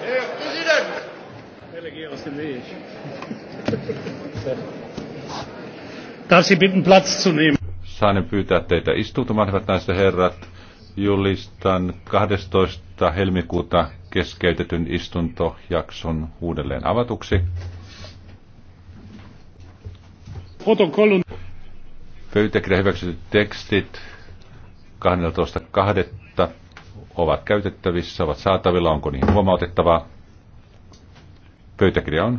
Herr Präsident! Delegiere aus dem Weg. Darf Sie bitten, Platz zu nehmen? Saan pyytää teitä istuutumaan, hyvät naiset ja herrat. Julistan 12. helmikuuta keskeytetyn istuntojakson uudelleen avatuksi. Protokollun. Pöytäkirja hyväksytyt tekstit 12.2 ovat käytettävissä, ovat saatavilla, onko niihin huomautettavaa. Pöytäkirja on